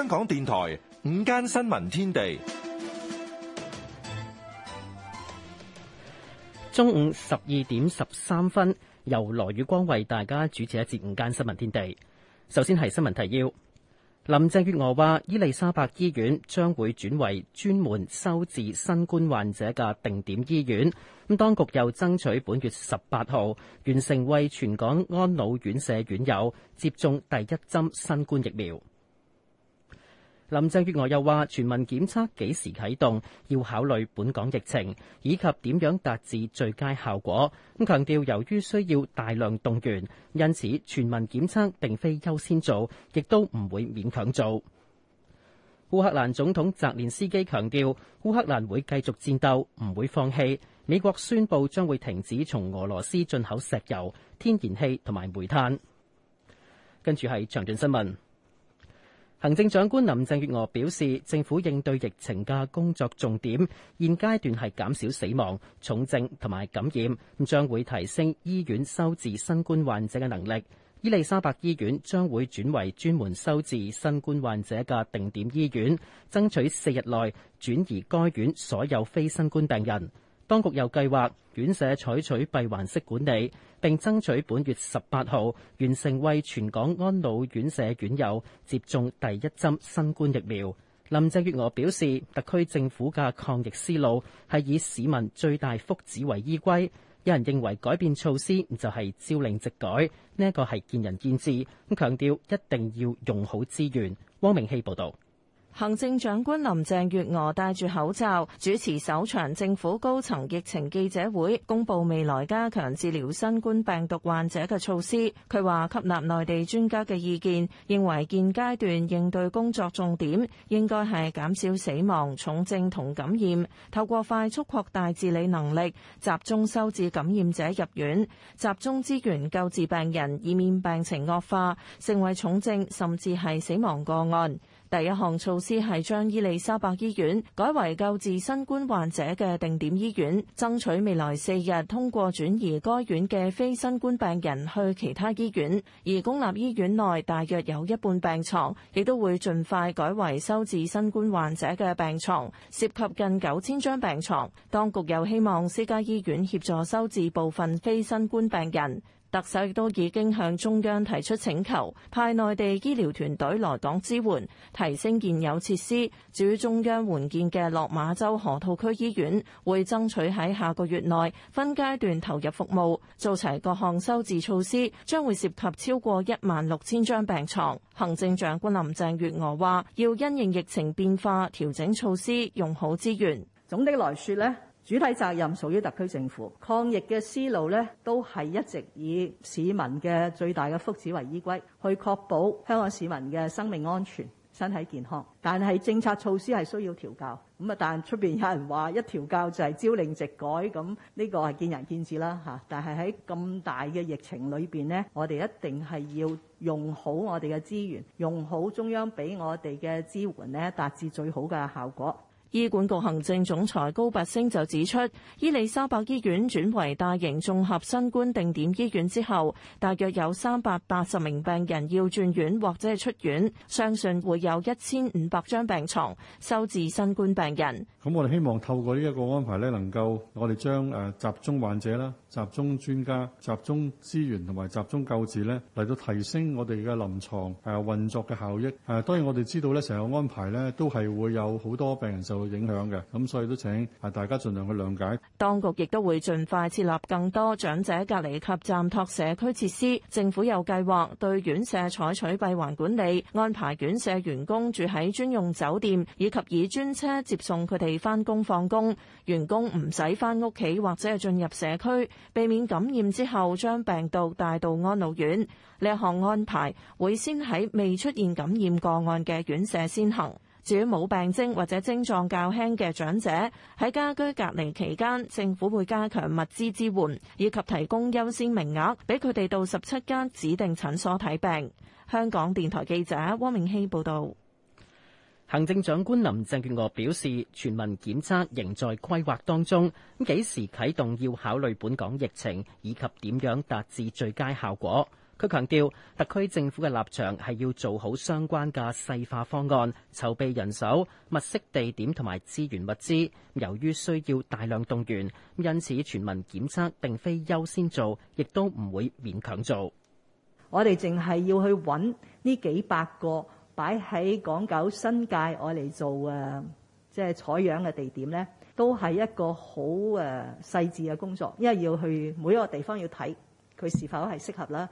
香港電台午間新聞天地，中午十二點十三分，由羅宇光為大家主持一節午間新聞天地。首先係新聞提要：林鄭月娥話，伊利沙伯醫院將會轉為專門收治新冠患者嘅定點醫院。咁，當局又爭取本月十八號完成為全港安老院舍院友接種第一針新冠疫苗。林鄭月娥又話：全民檢測幾時啟動，要考慮本港疫情以及點樣達至最佳效果。咁強調，由於需要大量動員，因此全民檢測並非優先做，亦都唔會勉強做。烏克蘭總統澤連斯基強調，烏克蘭會繼續戰鬥，唔會放棄。美國宣布將會停止從俄羅斯進口石油、天然氣同埋煤炭。跟住係詳盡新聞。行政長官林鄭月娥表示，政府應對疫情嘅工作重點，現階段係減少死亡、重症同埋感染，將會提升醫院收治新冠患者嘅能力。伊利沙伯醫院將會轉為專門收治新冠患者嘅定點醫院，爭取四日內轉移該院所有非新冠病人。當局又計劃院舍採取閉環式管理，並爭取本月十八號完成為全港安老院舍院友接種第一針新冠疫苗。林鄭月娥表示，特區政府嘅抗疫思路係以市民最大福祉為依歸。有人認為改變措施就係朝令夕改，呢、這個係見仁見智。咁強調一定要用好資源。汪明希報導。行政長官林鄭月娥戴住口罩主持首場政府高層疫情記者會，公布未來加強治療新冠病毒患者嘅措施。佢話吸納內地專家嘅意見，認為現階段應對工作重點應該係減少死亡、重症同感染。透過快速擴大治理能力，集中收治感染者入院，集中資源救治病人，以免病情惡化成為重症甚至係死亡個案。第一項措施係將伊利沙伯醫院改為救治新冠患者嘅定點醫院，爭取未來四日通過轉移該院嘅非新冠病人去其他醫院。而公立醫院內大約有一半病床，亦都會盡快改為收治新冠患者嘅病床，涉及近九千張病床。當局又希望私家醫院協助收治部分非新冠病人。特首亦都已經向中央提出請求，派內地醫療團隊來港支援，提升現有設施。至於中央援建嘅落馬洲河套區醫院，會爭取喺下個月內分階段投入服務，做齊各項收治措施，將會涉及超過一萬六千張病床。行政長官林鄭月娥話：要因應疫情變化調整措施，用好資源。總的來說呢。主體責任屬於特區政府，抗疫嘅思路咧都係一直以市民嘅最大嘅福祉為依歸，去確保香港市民嘅生命安全、身體健康。但係政策措施係需要調教咁啊！但出邊有人話一調教就係朝令夕改，咁呢個係見仁見智啦嚇。但係喺咁大嘅疫情裏邊咧，我哋一定係要用好我哋嘅資源，用好中央俾我哋嘅支援咧，達至最好嘅效果。醫管局行政總裁高拔升就指出，伊利沙伯醫院轉為大型綜合新冠定點醫院之後，大約有三百八十名病人要轉院或者係出院，相信會有一千五百張病床收治新冠病人。咁我哋希望透過呢一個安排咧，能夠我哋將誒集中患者啦、集中專家、集中資源同埋集中救治咧，嚟到提升我哋嘅臨床誒運作嘅效益。誒當然我哋知道咧，成個安排咧都係會有好多病人受到影響嘅，咁所以都請啊大家盡量去諒解。當局亦都會盡快設立更多長者隔離及暫托社區設施。政府又計劃對院舍採取閉環管理，安排院舍員，員工住喺專用酒店，以及以專車接送佢哋。未返工放工，員工唔使返屋企或者係進入社區，避免感染之後將病毒帶到安老院。呢一項安排會先喺未出現感染個案嘅院舍先行。至於冇病徵或者症狀較輕嘅長者喺家居隔離期間，政府會加強物資支援，以及提供優先名額俾佢哋到十七間指定診所睇病。香港電台記者汪明熙報道。行政長官林鄭月娥表示，全民檢測仍在規劃當中，幾時啟動要考慮本港疫情以及點樣達至最佳效果。佢強調，特區政府嘅立場係要做好相關嘅細化方案，籌備人手、物色地點同埋資源物資。由於需要大量動員，因此全民檢測並非優先做，亦都唔會勉強做。我哋淨係要去揾呢幾百個。擺喺港九新界我嚟做，誒，即係採樣嘅地點咧，都係一個好誒細緻嘅工作，因為要去每一個地方要睇佢是否係適合啦。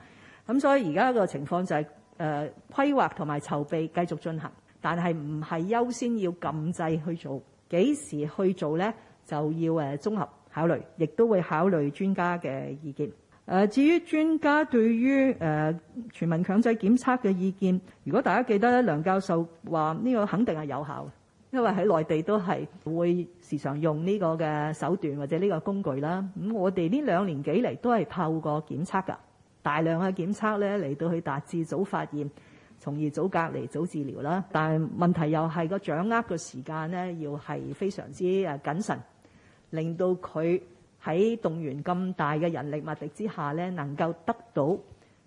咁所以而家個情況就係誒規劃同埋籌備繼續進行，但係唔係優先要禁制去做，幾時去做咧就要誒綜合考慮，亦都會考慮專家嘅意見。誒，至於專家對於誒、呃、全民強制檢測嘅意見，如果大家記得咧，梁教授話呢個肯定係有效，因為喺內地都係會時常用呢個嘅手段或者呢個工具啦。咁、嗯、我哋呢兩年幾嚟都係透過檢測㗎，大量嘅檢測咧嚟到去達至早發現，從而早隔離、早治療啦。但係問題又係個掌握嘅時間咧，要係非常之誒謹慎，令到佢，喺動員咁大嘅人力物力之下呢，能夠得到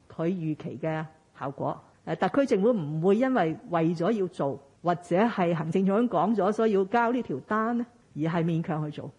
佢預期嘅效果。誒，特區政府唔會因為為咗要做，或者係行政長官講咗，所以要交呢條單咧，而係勉強去做。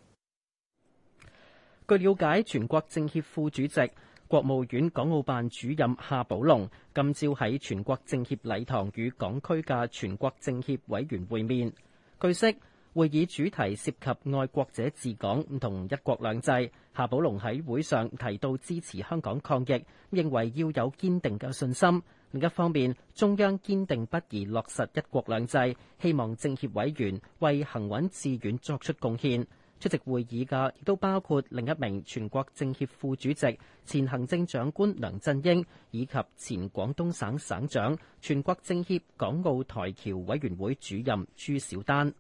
據了解，全國政協副主席、國務院港澳辦主任夏寶龍今朝喺全國政協禮堂與港區嘅全國政協委員會面。據悉。會議主題涉及愛國者治港同一國兩制。夏寶龍喺會上提到支持香港抗疫，認為要有堅定嘅信心。另一方面，中央堅定不移落實一國兩制，希望政協委員為行穩致遠作出貢獻。出席會議嘅亦都包括另一名全國政協副主席、前行政長官梁振英，以及前廣東省省省長、全國政協港澳台僑委員會主任朱小丹。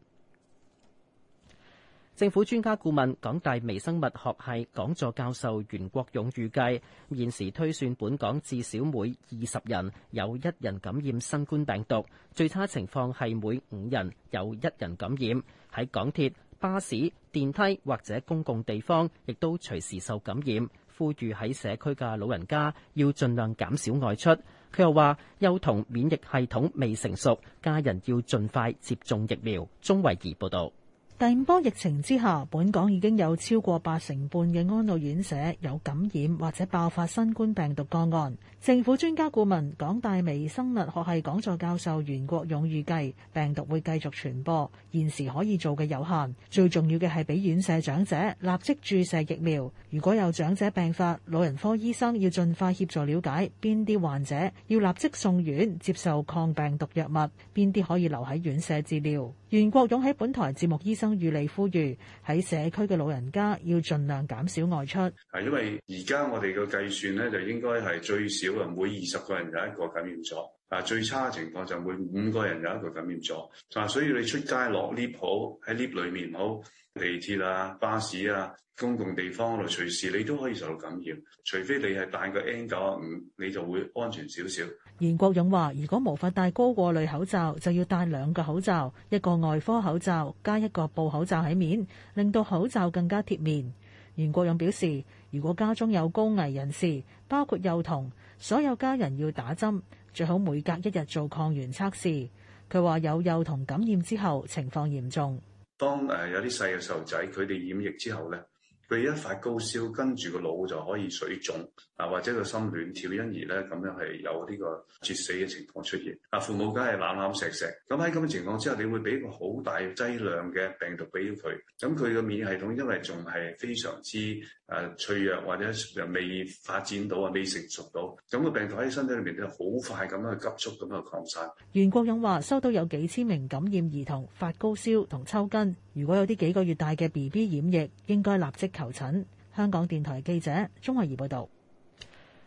政府專家顧問、港大微生物學系講座教授袁國勇預計，現時推算本港至少每二十人有一人感染新冠病毒，最差情況係每五人有一人感染。喺港鐵、巴士、電梯或者公共地方，亦都隨時受感染。呼籲喺社區嘅老人家要盡量減少外出。佢又話，幼童免疫系統未成熟，家人要盡快接種疫苗。鐘慧儀報導。第五波疫情之下，本港已經有超過八成半嘅安老院舍有感染或者爆發新冠病毒個案。政府專家顧問、港大微生物學系講座教授袁國勇預計，病毒會繼續傳播，現時可以做嘅有限。最重要嘅係俾院舍長者立即注射疫苗。如果有長者病發，老人科醫生要盡快協助了解邊啲患者要立即送院接受抗病毒藥物，邊啲可以留喺院舍治療。袁國勇喺本台節目醫生。預嚟呼籲喺社區嘅老人家要盡量減少外出。係因為而家我哋嘅計算咧，就應該係最少啊，每二十個人有一個感染咗。啊，最差情況，就每五個人有一個感染咗。啊，所以你出街落 lift 好喺 lift 裏面好地鐵啊、巴士啊、公共地方度，隨時你都可以受到感染。除非你係戴個 N 九啊五，你就會安全少少。袁國勇話，如果無法戴高過濾口罩，就要戴兩個口罩，一個外科口罩加一個布口罩喺面，令到口罩更加貼面。袁國勇表示，如果家中有高危人士，包括幼童，所有家人要打針，最好每隔一日做抗原測試。佢話有幼童感染之後，情況嚴重。當誒有啲細嘅細路仔，佢哋染疫之後咧。佢一發高燒，跟住個腦就可以水腫，啊或者個心亂跳，因而咧咁樣係有呢個猝死嘅情況出現。啊父母梗係揦揦石石，咁喺咁嘅情況之下，你會俾一個好大劑量嘅病毒俾佢，咁佢個免疫系統因為仲係非常之誒脆弱，或者未發展到啊未成熟到，咁個病毒喺身體裏面咧好快咁樣去急速咁樣擴散。袁國勇話：收到有幾千名感染兒童發高燒同抽筋，如果有啲幾個月大嘅 BB 染疫，應該立即求診。香港電台記者鍾慧儀報道。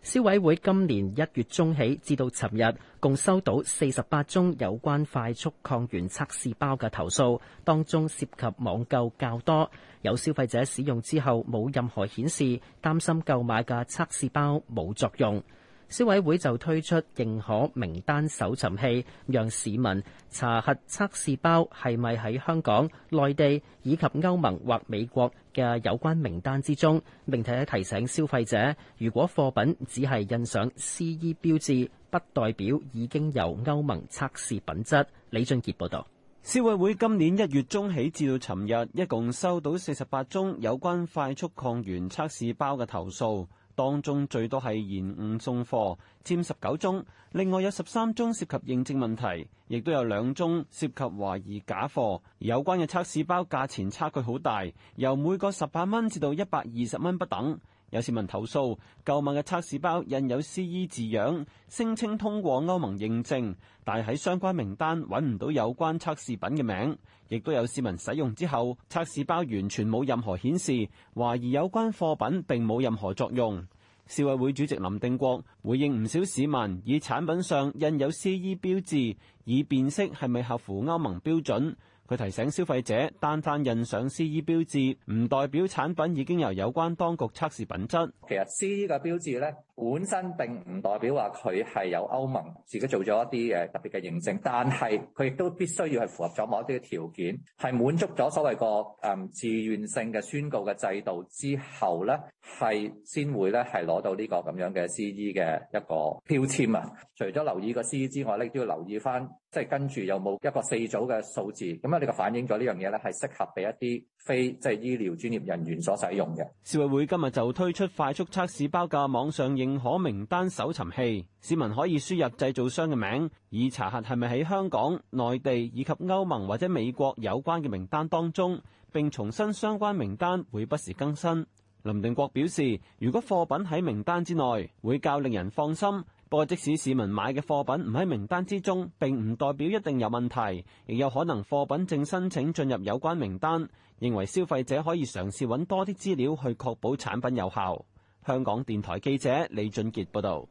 消委會今年一月中起至到尋日，共收到四十八宗有關快速抗原測試包嘅投訴，當中涉及網購較多，有消費者使用之後冇任何顯示，擔心購買嘅測試包冇作用。消委會就推出認可名單搜尋器，讓市民查核測試包係咪喺香港、內地以及歐盟或美國嘅有關名單之中，並且提醒消費者，如果貨品只係印上 CE 標誌，不代表已經由歐盟測試品質。李俊杰報道。消委會今年一月中起至到尋日，一共收到四十八宗有關快速抗原測試包嘅投訴。當中最多係延誤送貨，佔十九宗；另外有十三宗涉及認證問題，亦都有兩宗涉及懷疑假貨。有關嘅測試包價錢差距好大，由每個十八蚊至到一百二十蚊不等。有市民投訴，購物嘅測試包印有 CE 字樣，聲稱通過歐盟認證，但喺相關名單揾唔到有關測試品嘅名，亦都有市民使用之後，測試包完全冇任何顯示，懷疑有關貨品並冇任何作用。市委會主席林定國回應唔少市民，以產品上印有 CE 標誌，以辨識係咪合乎歐盟標準。佢提醒消費者，單單印上 CE 標誌唔代表產品已經由有關當局測試品質。其實 CE 嘅標誌咧，本身並唔代表話佢係有歐盟自己做咗一啲誒特別嘅認證，但係佢亦都必須要係符合咗某一啲嘅條件，係滿足咗所謂個誒自願性嘅宣告嘅制度之後咧，係先會咧係攞到呢個咁樣嘅 CE 嘅一個標籤啊。除咗留意個 CE 之外咧，亦都要留意翻。即係跟住有冇一個四組嘅數字，咁咧你就反映咗呢樣嘢咧，係適合俾一啲非即係醫療專業人員所使用嘅。消委會今日就推出快速測試包嘅網上認可名單搜尋器，市民可以輸入製造商嘅名，以查核係咪喺香港、內地以及歐盟或者美國有關嘅名單當中。並重申相關名單會不時更新。林定國表示，如果貨品喺名單之內，會較令人放心。即使市民買嘅貨品唔喺名單之中，並唔代表一定有問題，亦有可能貨品正申請進入有關名單。認為消費者可以嘗試揾多啲資料去確保產品有效。香港電台記者李俊傑報道。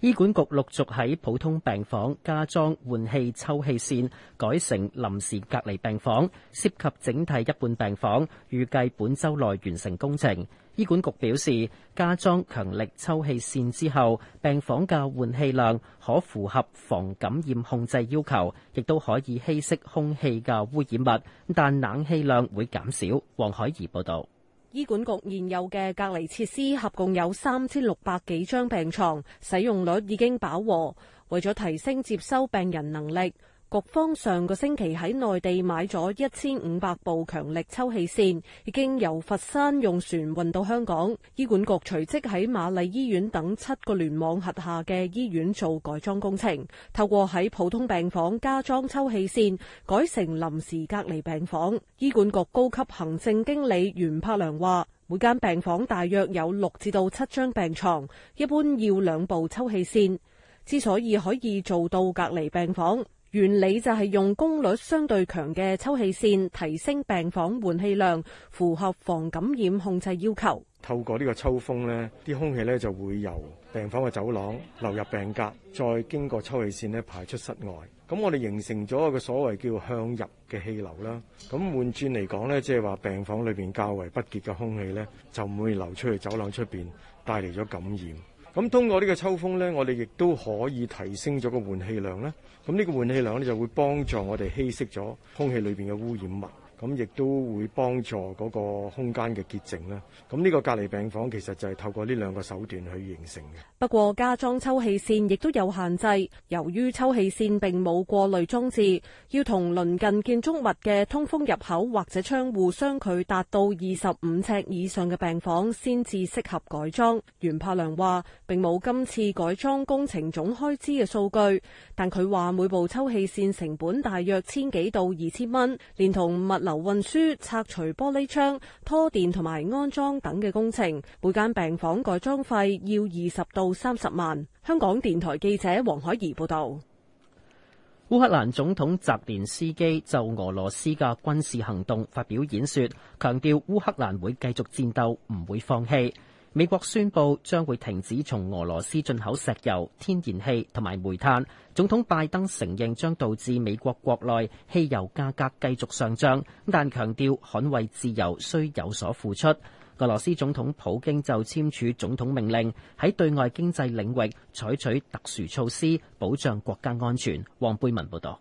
醫管局陸續喺普通病房加裝換氣抽氣扇，改成臨時隔離病房，涉及整體一半病房，預計本週內完成工程。醫管局表示，加裝強力抽氣扇之後，病房嘅換氣量可符合防感染控制要求，亦都可以稀釋空氣嘅污染物，但冷氣量會減少。黃海怡報道，醫管局現有嘅隔離設施合共有三千六百幾張病床，使用率已經飽和，為咗提升接收病人能力。局方上個星期喺內地買咗一千五百部強力抽氣扇，已經由佛山用船運到香港。醫管局隨即喺瑪麗醫院等七個聯網轄下嘅醫院做改裝工程，透過喺普通病房加裝抽氣扇，改成臨時隔離病房。醫管局高級行政經理袁柏良話，每間病房大約有六至到七張病床，一般要兩部抽氣扇。之所以可以做到隔離病房。原理就係用功率相對強嘅抽氣扇提升病房換氣量，符合防感染控制要求。透過呢個抽風咧，啲空氣咧就會由病房嘅走廊流入病格，再經過抽氣扇咧排出室外。咁我哋形成咗一個所謂叫向入嘅氣流啦。咁換轉嚟講咧，即係話病房裏邊較為不潔嘅空氣咧，就唔會流出去走廊出邊，帶嚟咗感染。咁通過呢個抽風呢，我哋亦都可以提升咗個換氣量咧。咁呢個換氣量就會幫助我哋稀釋咗空氣裏面嘅污染物。咁亦都會幫助嗰個空間嘅潔淨啦。咁、這、呢個隔離病房其實就係透過呢兩個手段去形成嘅。不過加裝抽氣扇亦都有限制，由於抽氣扇並冇過濾裝置，要同鄰近建築物嘅通風入口或者窗戶相距達到二十五尺以上嘅病房先至適合改裝。袁柏良話：並冇今次改裝工程總開支嘅數據，但佢話每部抽氣扇成本大約千幾到二千蚊，連同物物流運輸、拆除玻璃窗、拖電同埋安裝等嘅工程，每間病房改裝費要二十到三十萬。香港電台記者黃海怡報道。烏克蘭總統澤連斯基就俄羅斯嘅軍事行動發表演說，強調烏克蘭會繼續戰鬥，唔會放棄。美國宣布將會停止從俄羅斯進口石油、天然氣同埋煤炭。總統拜登承認將導致美國國內汽油價格繼續上漲，但強調捍衛自由需有所付出。俄羅斯總統普京就簽署總統命令，喺對外經濟領域採取特殊措施，保障國家安全。黃貝文報道。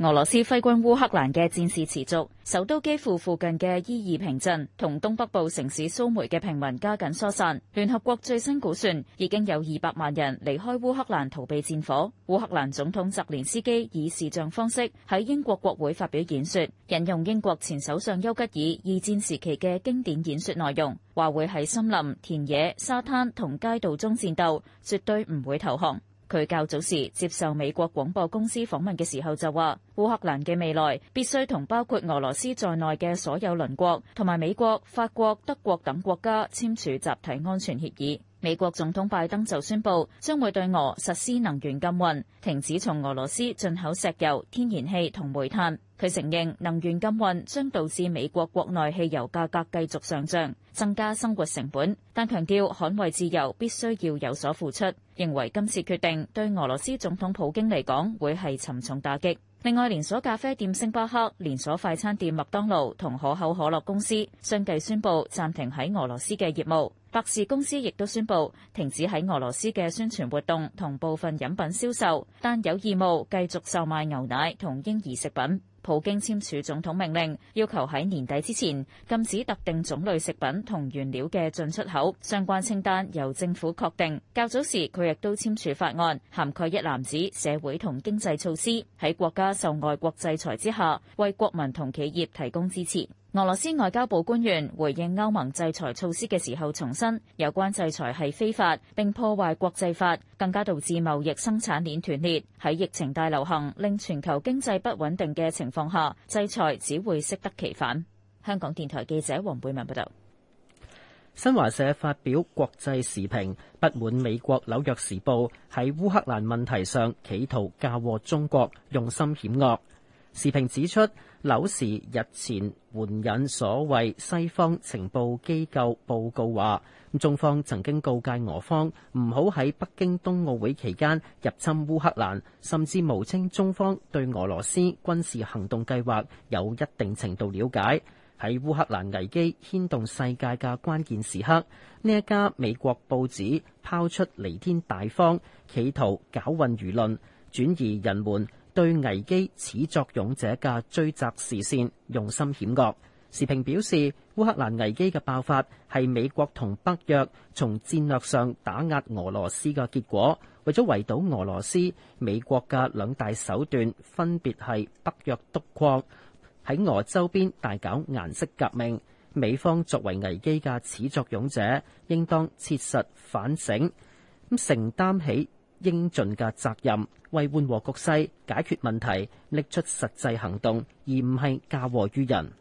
俄羅斯揮軍烏克蘭嘅戰事持續，首都基輔附，附近嘅伊爾平鎮同東北部城市蘇梅嘅平民加緊疏散。聯合國最新估算已經有二百萬人離開烏克蘭逃避戰火。烏克蘭總統澤連斯基以視像方式喺英國國會發表演說，引用英國前首相丘吉爾二戰時期嘅經典演說內容，話會喺森林、田野、沙灘同街道中戰鬥，絕對唔會投降。佢較早時接受美國廣播公司訪問嘅時候就話，烏克蘭嘅未來必須同包括俄羅斯在內嘅所有鄰國，同埋美國、法國、德國等國家簽署集體安全協議。美國總統拜登就宣布將會對俄實施能源禁運，停止從俄羅斯進口石油、天然氣同煤炭。佢承認能源禁運將導致美國國內汽油價格繼續上漲，增加生活成本，但強調捍衛自由必須要有所付出。認為今次決定對俄羅斯總統普京嚟講會係沉重打擊。另外，連鎖咖啡店星巴克、連鎖快餐店麥當勞同可口可樂公司相繼宣布暫停喺俄羅斯嘅業務。百事公司亦都宣布停止喺俄羅斯嘅宣傳活動同部分飲品銷售，但有義務繼續售賣牛奶同嬰兒食品。普京簽署總統命令，要求喺年底之前禁止特定種類食品同原料嘅進出口。相關清單由政府確定。較早時佢亦都簽署法案，涵蓋一籃子社會同經濟措施，喺國家受外國制裁之下，為國民同企業提供支持。俄羅斯外交部官員回應歐盟制裁措施嘅時候，重申有關制裁係非法並破壞國際法，更加導致貿易生產鏈斷裂。喺疫情大流行令全球經濟不穩定嘅情況下，制裁只會適得其反。香港電台記者黃貝文報道。新華社發表國際時評，不滿美國《紐約時報》喺烏克蘭問題上企圖嫁禍中國，用心險惡。時評指出，紐時日前援引所謂西方情報機構報告話，中方曾經告誡俄方唔好喺北京冬奧會期間入侵烏克蘭，甚至誣稱中方對俄羅斯軍事行動計劃有一定程度了解。喺烏克蘭危機牽動世界嘅關鍵時刻，呢一家美國報紙拋出彌天大謊，企圖搞混輿論，轉移人們對危機始作俑者嘅追責視線，用心險惡。時評表示，烏克蘭危機嘅爆發係美國同北約從戰略上打壓俄羅斯嘅結果。為咗圍堵俄羅斯，美國嘅兩大手段分別係北約東擴，喺俄周邊大搞顏色革命，美方作為危機嘅始作俑者，應當切實反省，承擔起。應盡嘅責任，為緩和局勢、解決問題，拎出實際行動，而唔係嫁禍於人。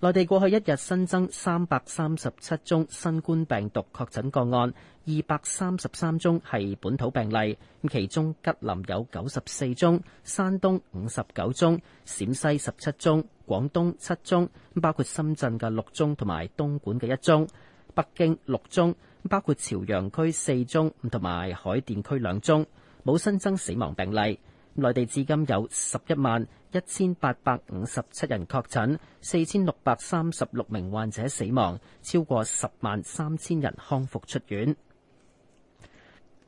內地過去一日新增三百三十七宗新冠病毒確診個案，二百三十三宗係本土病例。咁其中，吉林有九十四宗，山東五十九宗，陝西十七宗，廣東七宗，包括深圳嘅六宗同埋東莞嘅一宗。北京六宗，包括朝陽區四宗，同埋海淀區兩宗，冇新增死亡病例。內地至今有十一萬一千八百五十七人確診，四千六百三十六名患者死亡，超過十萬三千人康復出院。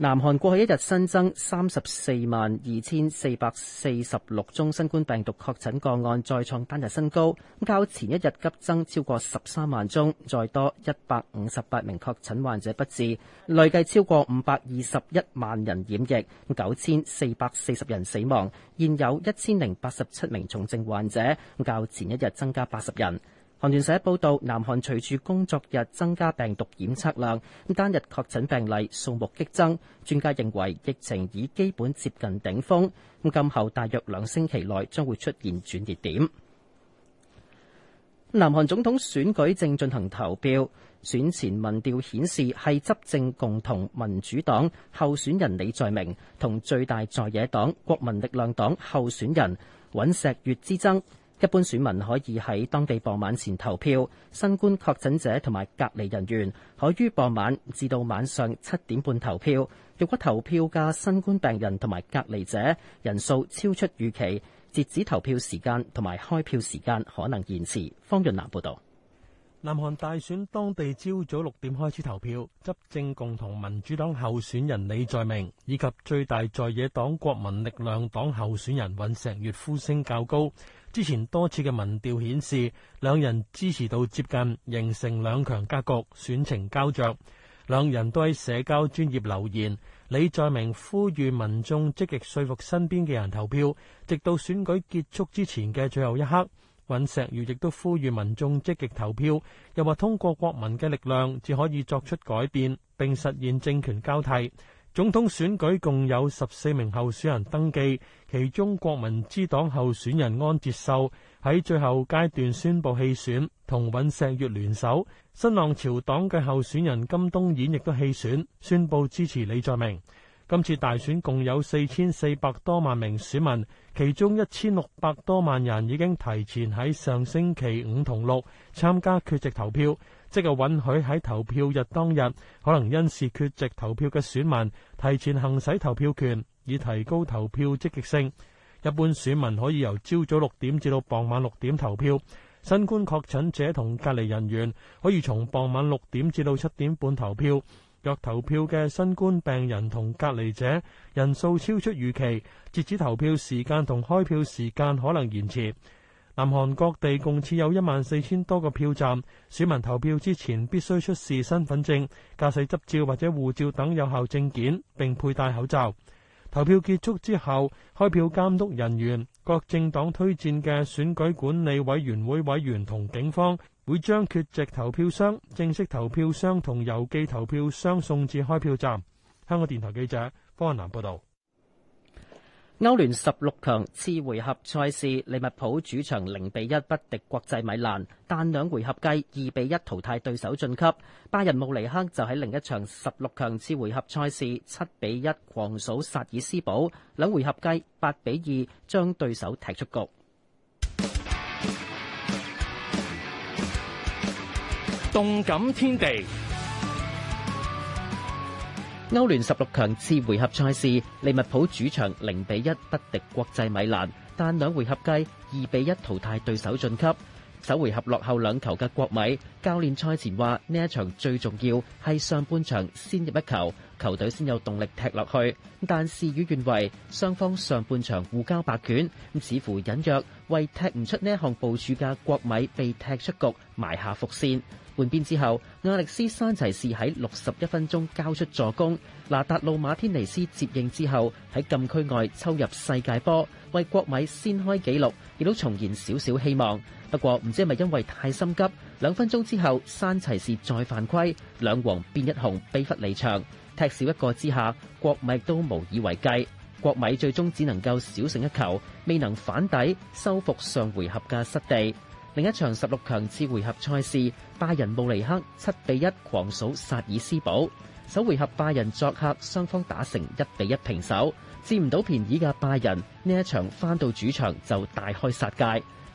南韓過去一日新增三十四萬二千四百四十六宗新冠病毒確診個案，再創單日新高。咁較前一日急增超過十三萬宗，再多一百五十八名確診患者不治，累計超過五百二十一萬人染疫，九千四百四十人死亡，現有一千零八十七名重症患者，咁較前一日增加八十人。韓聯社報道，南韓隨住工作日增加病毒檢測量，咁單日確診病例數目激增。專家認為疫情已基本接近頂峰，咁今後大約兩星期內將會出現轉折點。南韓總統選舉正進行投票，選前民調顯示係執政共同民主黨候選人李在明同最大在野黨國民力量黨候選人尹錫悅之爭。一般選民可以喺當地傍晚前投票，新冠確診者同埋隔離人員可於傍晚至到晚上七點半投票。若果投票嘅新冠病人同埋隔離者人數超出預期，截止投票時間同埋開票時間可能延遲。方潤南報導。南韓大選當地朝早六點開始投票，執政共同民主黨候選人李在明以及最大在野黨國民力量黨候選人尹錫悅呼聲較高。之前多次嘅民調顯示，兩人支持度接近，形成兩強格局，選情膠着。兩人都喺社交專業留言，李在明呼籲民眾積極說服身邊嘅人投票，直到選舉結束之前嘅最後一刻。尹錫悅亦都呼籲民眾積極投票，又話通過國民嘅力量，至可以作出改變，並實現政權交替。總統選舉共有十四名候選人登記，其中國民之黨候選人安哲秀喺最後階段宣布棄選，同尹錫悅聯手；新浪潮黨嘅候選人金東演亦都棄選，宣布支持李在明。今次大選共有四千四百多萬名選民，其中一千六百多萬人已經提前喺上星期五同六參加缺席投票。即係允許喺投票日當日，可能因事缺席投票嘅選民，提前行使投票權，以提高投票積極性。一般選民可以由朝早六點至到傍晚六點投票。新冠確診者同隔離人員，可以從傍晚六點至到七點半投票。若投票嘅新冠病人同隔離者人數超出預期，截止投票時間同開票時間可能延遲。南韓各地共設有一萬四千多個票站，市民投票之前必須出示身份證、駕駛執照或者護照等有效證件，並佩戴口罩。投票結束之後，開票監督人員、各政黨推薦嘅選舉管理委員會委員同警方會將缺席投票箱、正式投票箱同郵寄投票箱送至開票站。香港電台記者方雲南報道。歐聯十六強次回合賽事，利物浦主場零比一不敵國際米蘭，但兩回合計二比一淘汰對手晉級。拜仁慕尼黑就喺另一場十六強次回合賽事，七比一狂掃薩爾斯堡，兩回合計八比二將對手踢出局。動感天地。歐聯十六強次回合賽事，利物浦主場零比一不敵國際米蘭，但兩回合計二比一淘汰對手晉級。首回合落後兩球嘅國米，教練賽前話呢一場最重要係上半場先入一球，球隊先有動力踢落去。但事與願違，雙方上半場互交白卷，似乎隱約為踢唔出呢一項部署嘅國米被踢出局，埋下伏線。換邊之後，亞歷斯山齊士喺六十一分鐘交出助攻，拿達路馬天尼斯接應之後，喺禁區外抽入世界波，為國米先開紀錄，亦都重燃少少希望。不過唔知係咪因為太心急，兩分鐘之後山齊士再犯規，兩黃變一紅，被罰離場，踢少一個之下，國米都無以為繼。國米最終只能夠小勝一球，未能反底收復上回合嘅失地。另一場十六強次回合賽事，拜仁慕尼克七比一狂掃薩爾斯堡。首回合拜仁作客，雙方打成一比一平手。佔唔到便宜嘅拜仁，呢一場翻到主場就大開殺戒。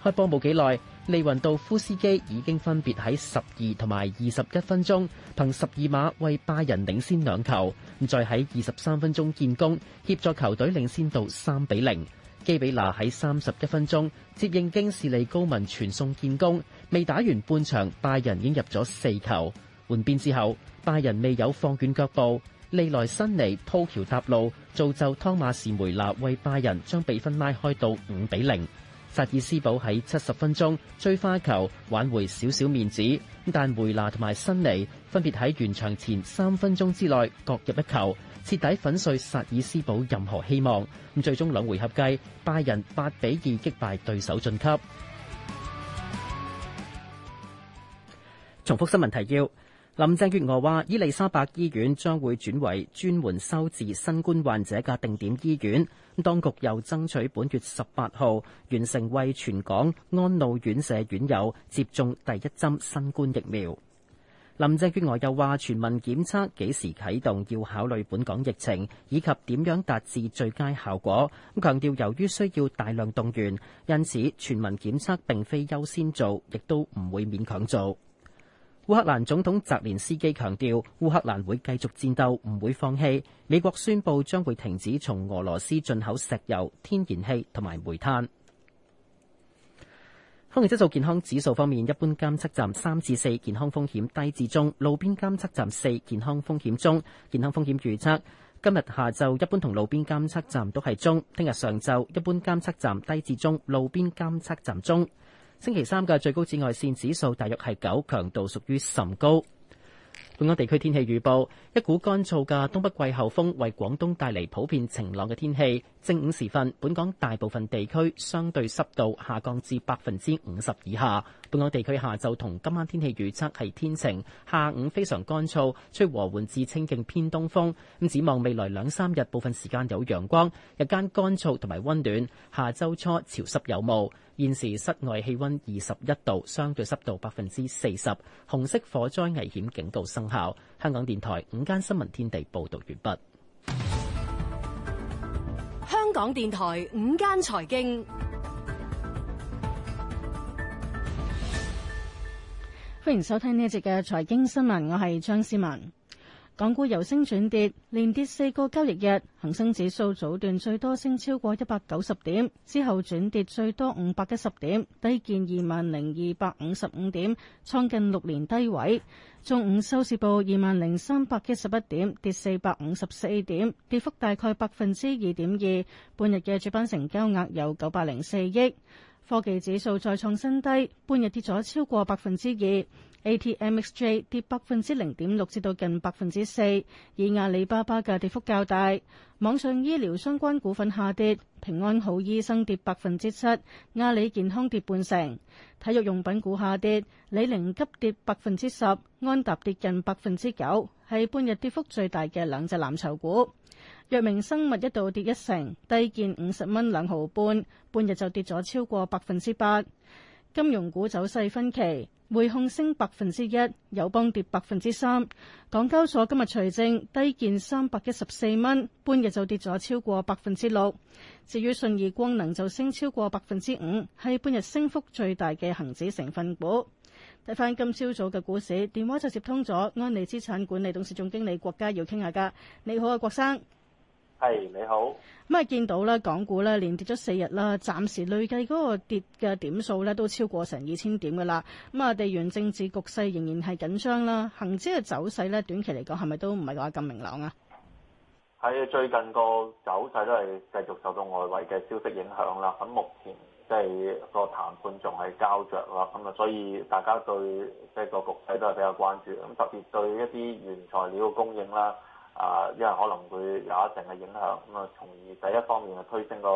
開波冇幾耐，利雲道夫斯基已經分別喺十二同埋二十一分鐘憑十二碼為拜仁領先兩球，再喺二十三分鐘建功，協助球隊領先到三比零。基比拿喺三十一分鐘接應京士利高文傳送建功，未打完半場拜仁已經入咗四球。換邊之後，拜仁未有放軟腳步，利萊辛尼鋪橋搭路，造就湯馬士梅拿，為拜仁將比分拉開到五比零。薩爾斯堡喺七十分鐘追花球挽回少少面子，但梅娜同埋新尼分別喺完場前三分鐘之內各入一球，徹底粉碎薩爾斯堡任何希望。咁最終兩回合計，拜仁八比二擊敗對手晉級。重複新聞提要。林鄭月娥話：伊利沙伯醫院將會轉為專門收治新冠患者嘅定點醫院。咁，當局又爭取本月十八號完成為全港安老院舍院友接種第一針新冠疫苗。林鄭月娥又話：全民檢測幾時啟動，要考慮本港疫情以及點樣達至最佳效果。咁強調，由於需要大量動員，因此全民檢測並非優先做，亦都唔會勉強做。烏克蘭總統澤連斯基強調，烏克蘭會繼續戰鬥，唔會放棄。美國宣布將會停止從俄羅斯進口石油、天然氣同埋煤炭。空氣質素健康指數方面，一般監測站三至四，健康風險低至中；路邊監測站四，健康風險中。健康風險預測：今日下晝一般同路邊監測站都係中；聽日上晝一般監測站低至中，路邊監測站中。星期三嘅最高紫外線指數大約係九，強度屬於甚高。本港地區天氣預報，一股乾燥嘅東北季候風為廣東帶嚟普遍晴朗嘅天氣。正午時分，本港大部分地區相對濕度下降至百分之五十以下。本港地區下晝同今晚天氣預測係天晴，下午非常乾燥，吹和緩至清勁偏東風，咁展望未來兩三日，部分時間有陽光，日間乾燥同埋溫暖。下周初潮濕有霧。現時室外氣溫二十一度，相對濕度百分之四十。紅色火災危險警告。生校香港電台五間新聞天地報道完畢。香港電台五間財經，歡迎收聽呢一節嘅財經新聞，我係張思文。港股由升轉跌，連跌四個交易日，恒生指數早段最多升超過一百九十點，之後轉跌最多五百一十點，低見二萬零二百五十五點，創近六年低位。中午收市報二萬零三百一十一點，跌四百五十四點，跌幅大概百分之二點二。半日嘅主板成交額有九百零四億。科技指數再創新低，半日跌咗超過百分之二。A.T.M.X.J 跌百分之零點六，至到近百分之四。以阿里巴巴嘅跌幅較大，網上醫療相關股份下跌，平安好醫生跌百分之七，阿里健康跌半成。體育用品股下跌，李寧急跌百分之十，安踏跌近百分之九，係半日跌幅最大嘅兩隻藍籌股。藥明生物一度跌一成，低見五十蚊兩毫半，半日就跌咗超過百分之八。金融股走勢分歧。匯控升百分之一，友邦跌百分之三。港交所今日除淨低見三百一十四蚊，半日就跌咗超過百分之六。至於信義光能就升超過百分之五，係半日升幅最大嘅恒指成分股。睇返今朝早嘅股市，電話就接通咗安利資產管理董事總經理郭家耀傾下噶。你好啊，郭生。係、hey，你好，咁啊見到咧，港股咧連跌咗四日啦，暫時累計嗰個跌嘅點數咧都超過成二千點噶啦。咁啊，地緣政治局勢仍然係緊張啦，恒指嘅走勢咧短期嚟講係咪都唔係話咁明朗啊？係啊，最近個走勢都係繼續受到外圍嘅消息影響啦。咁目前即係個談判仲係膠着啦，咁啊，所以大家對即係個局勢都係比較關注，咁特別對一啲原材料供應啦。啊，因為可能會有一定嘅影響，咁啊，從而第一方面係推升個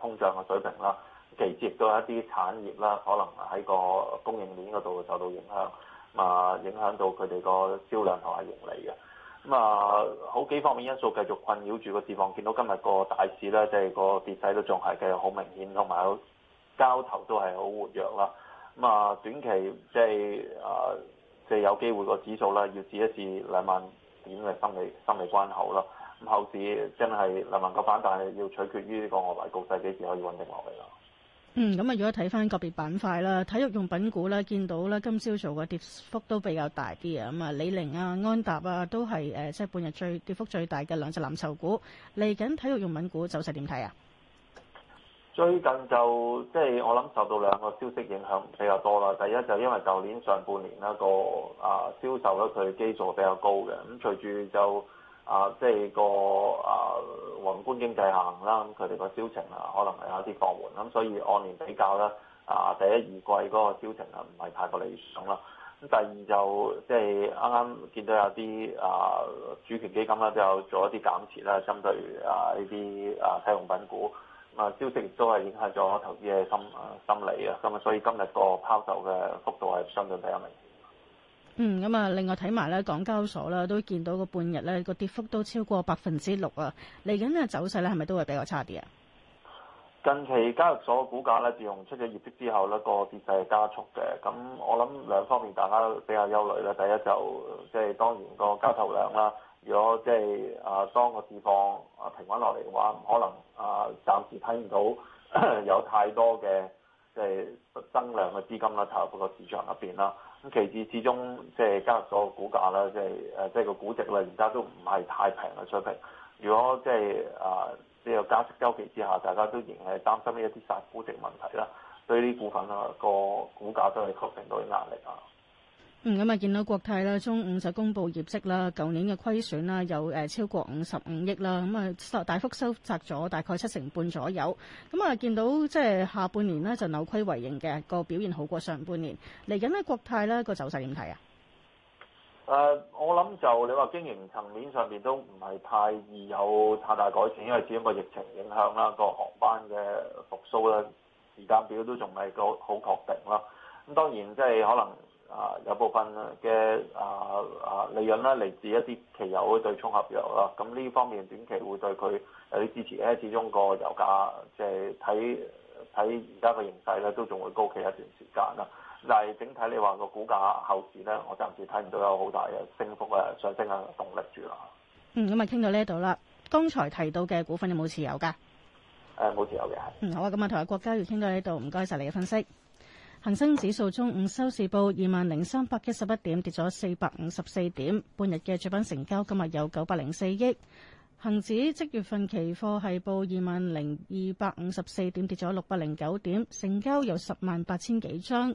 通脹嘅水平啦，其次都有一啲產業啦，可能喺個供應鏈嗰度受到影響，啊，影響到佢哋個銷量同埋盈利嘅，咁、嗯、啊，好幾方面因素繼續困擾住個市況，見到今日個大市咧，即係個跌勢都仲係嘅好明顯，同埋有交投都係好活躍啦，咁、嗯、啊，短期即係啊，即係呃，即係有機會個指數啦，要試一試兩萬點嘅心理心理關口咯，咁後市真係能能夠反彈，要取決於呢個外圍局勢幾時可以穩定落嚟咯。嗯，咁啊，如果睇翻個別板塊啦，體育用品股啦，見到啦今朝做嘅跌幅都比較大啲啊，咁啊，李寧啊、安踏啊，都係誒、呃、即係半日最跌幅最大嘅兩隻藍籌股。嚟緊體育用品股走勢點睇啊？最近就即係、就是、我諗受到兩個消息影響比較多啦。第一就因為舊年上半年咧、那個啊銷售咧佢基數比較高嘅，咁、嗯、隨住就啊即係、就是、個啊宏觀經濟下行啦，佢哋個銷情啊可能係有啲放緩，咁所以按年比較咧啊第一二季嗰個銷情啊唔係太過理想啦。咁第二就即係啱啱見到有啲啊主權基金咧都有做一啲減持啦，針對啊呢啲啊家用品股。啊！消息亦都係影響咗投資嘅心啊心理啊，咁啊，所以今日個拋售嘅幅度係相對比較明顯。嗯，咁啊，另外睇埋咧，港交所咧都見到個半日咧個跌幅都超過百分之六啊！嚟緊嘅走勢咧係咪都會比較差啲啊？近期交易所股價咧，自從出咗業績之後呢、個跌勢係加速嘅。咁我諗兩方面大家都比較憂慮咧，第一就即係當然個交投量啦。嗯嗯如果即係啊，當個市況啊平穩落嚟嘅話，唔可能啊，暫時睇唔到 有太多嘅即係增量嘅資金啦，投入個市場入邊啦。咁其次，始終即係加入咗個股價啦，即係誒，即係個估值啦，而家都唔係太平嘅水平。如果即係啊，呢個加息周期之下，大家都仍係擔心一啲殺估值問題啦，對呢部分啊，呢個股價都係造成到啲壓力啊。嗯，咁啊，見到國泰咧，中午就公布業績啦，舊年嘅虧損啦，有誒、呃、超過五十五億啦，咁啊收大幅收窄咗大概七成半左右。咁、嗯、啊，見到即係下半年呢，就扭虧為盈嘅個表現好過上半年嚟緊咧，國泰呢，個走勢點睇啊？誒、呃，我諗就你話經營層面上面都唔係太易有太大改善，因為始終個疫情影響啦，個航班嘅復甦啦，時間表都仲係個好確定啦。咁當然即係可能。啊，有部分嘅啊啊，利潤啦嚟自一啲期油嘅對沖合約啦，咁呢方面短期會對佢有啲支持咧。始終個油價即係睇睇而家個形勢咧，都仲會高企一段時間啦。但係整體你話個股價後市咧，我暫時睇唔到有好大嘅升幅嘅上升嘅動力住啦。嗯，咁啊，傾到呢度啦。剛才提到嘅股份有冇持有噶？誒、嗯，冇持有嘅，係。嗯，好啊，咁啊，同埋郭家耀傾到呢度，唔該晒你嘅分析。恒生指數中午收市報二萬零三百一十一點，跌咗四百五十四點。半日嘅主板成交今日有九百零四億。恒指即月份期貨係報二萬零二百五十四點，跌咗六百零九點，成交有十萬八千幾張。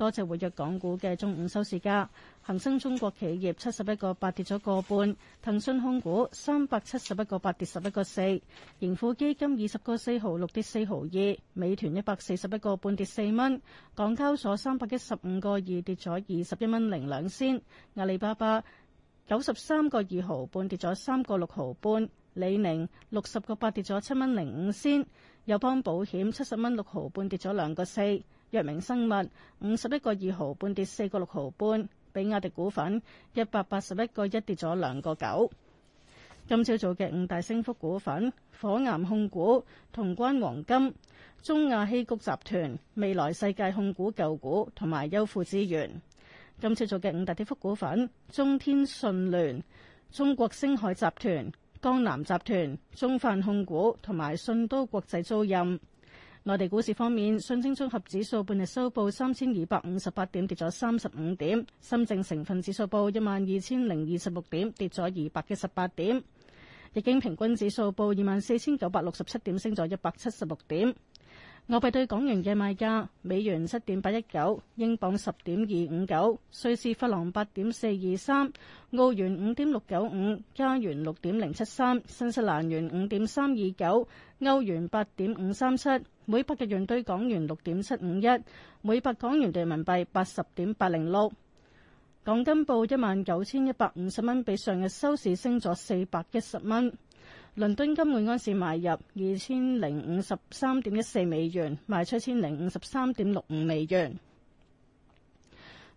多隻活躍港股嘅中午收市價，恒生中國企業七十一個八跌咗個半，騰訊控股三百七十一個八跌十一個四，盈富基金二十個四毫六跌四毫二，美團一百四十一個半跌四蚊，港交所三百一十五個二跌咗二十一蚊零兩仙，阿里巴巴九十三個二毫半跌咗三個六毫半，李寧六十個八跌咗七蚊零五仙，友邦保險七十蚊六毫半跌咗兩個四。藥明生物五十一個二毫半跌四個六毫半，比亞迪股份一百八十一個一跌咗兩個九。今朝早嘅五大升幅股份：火岩控股、潼關黃金、中亞希谷集團、未來世界控股舊股同埋優富資源。今朝早嘅五大跌幅股份：中天信聯、中國星海集團、江南集團、中泛控股同埋信都國際租賃。內地股市方面，上證綜合指數半日收報三千二百五十八點，跌咗三十五點；深證成分指數報一萬二千零二十六點，跌咗二百一十八點；日經平均指數報二萬四千九百六十七點，升咗一百七十六點。外幣對港元嘅賣價：美元七點八一九，英鎊十點二五九，瑞士法郎八點四二三，澳元五點六九五，加元六點零七三，新西蘭元五點三二九，歐元八點五三七，每百日元對港元六點七五一，每百港元人民幣八十點八零六。港金報一萬九千一百五十蚊，比上日收市升咗四百一十蚊。倫敦金每安士買入二千零五十三點一四美元，賣出千零五十三點六五美元。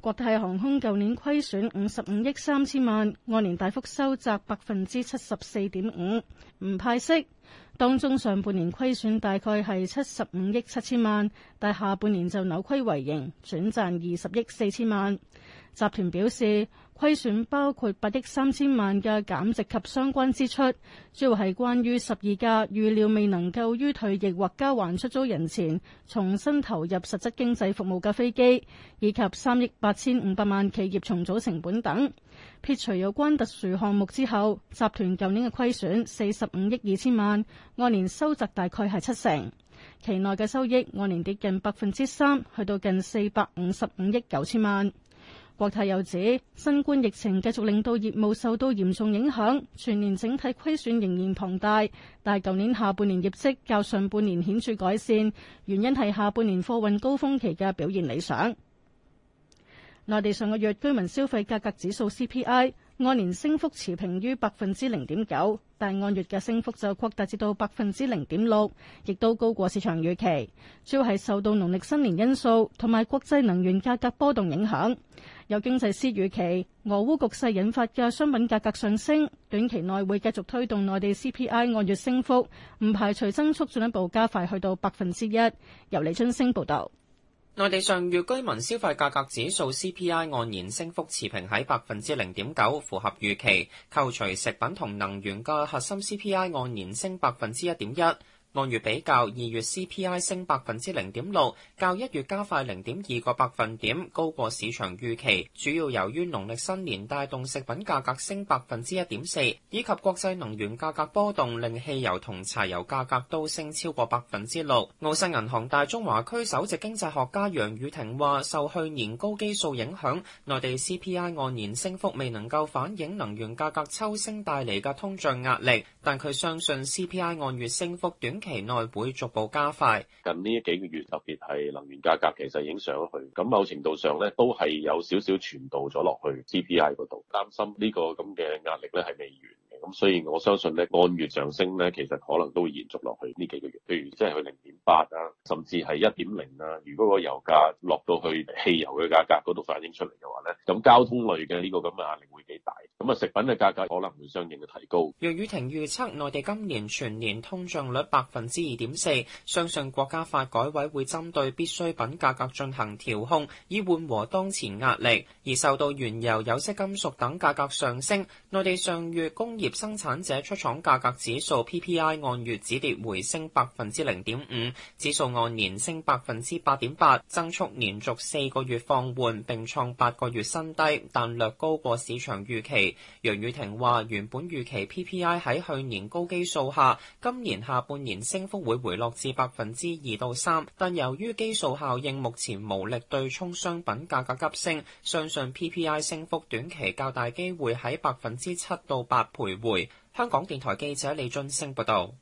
國泰航空舊年虧損五十五億三千萬，按年大幅收窄百分之七十四點五，唔派息。當中上半年虧損大概係七十五億七千萬，但下半年就扭虧為盈，轉賺二十億四千萬。集團表示，虧損包括八億三千萬嘅減值及相關支出，主要係關於十二架預料未能夠於退役或交還出租人前重新投入實質經濟服務嘅飛機，以及三億八千五百萬企業重組成本等。撇除有關特殊項目之後，集團舊年嘅虧損四十五億二千萬，按年收窄，大概係七成。期內嘅收益按年跌近百分之三，去到近四百五十五億九千萬。國泰又指，新冠疫情繼續令到業務受到嚴重影響，全年整體虧損仍然龐大。但係舊年下半年業績較上半年顯著改善，原因係下半年貨運高峰期嘅表現理想。內地上個月居民消費價格指數 CPI 按年升幅持平於百分之零點九，但按月嘅升幅就擴大至到百分之零點六，亦都高過市場預期。主要係受到農曆新年因素同埋國際能源價格波動影響。有經濟師預期，俄烏局勢引發嘅商品價格上升，短期內會繼續推動內地 CPI 按月升幅，唔排除增速進一步加快去到百分之一。由李津升報導，內地上月居民消費價格指數 CPI 按年升幅持平喺百分之零點九，符合預期。扣除食品同能源嘅核心 CPI 按年升百分之一點一。按月比較，二月 CPI 升百分之零點六，較一月加快零點二個百分點，高過市場預期。主要由於農曆新年帶動食品價格升百分之一點四，以及國際能源價格波動令汽油同柴油價格都升超過百分之六。澳盛銀行大中華區首席經濟學家楊宇婷話，受去年高基數影響，內地 CPI 按年升幅未能夠反映能源價格抽升帶嚟嘅通脹壓力，但佢相信 CPI 按月升幅短期內會逐步加快。近呢幾個月特別係能源價格其實已經上去，咁某程度上咧都係有少少傳導咗落去 GPI 嗰度，擔心呢個咁嘅壓力咧係未完嘅。咁所以我相信咧按月上升咧，其實可能都會延續落去呢幾個月。譬如即係去零點八啊，甚至係一點零啊。如果個油價落到去汽油嘅價格嗰度反映出嚟嘅話咧，咁交通類嘅呢個咁嘅壓力會幾大。咁啊，食品嘅價格可能會相應嘅提高。楊雨婷預測，內地今年全年通脹率百分之二點四，相信國家發改委會針對必需品價格進行調控，以緩和當前壓力。而受到原油、有色金屬等價格上升，內地上月工業生產者出廠價格指數 PPI 按月止跌回升百分之零點五，指數按年升百分之八點八，增速連續四個月放緩，並創八個月新低，但略高過市場預期。楊雨婷話：原本預期 PPI 喺去年高基數下，今年下半年升幅會回落至百分之二到三，但由於基數效應，目前無力對沖商品價格急升，相信 PPI 升幅短期較大機會喺百分之七到八徘徊。香港電台記者李俊升報道。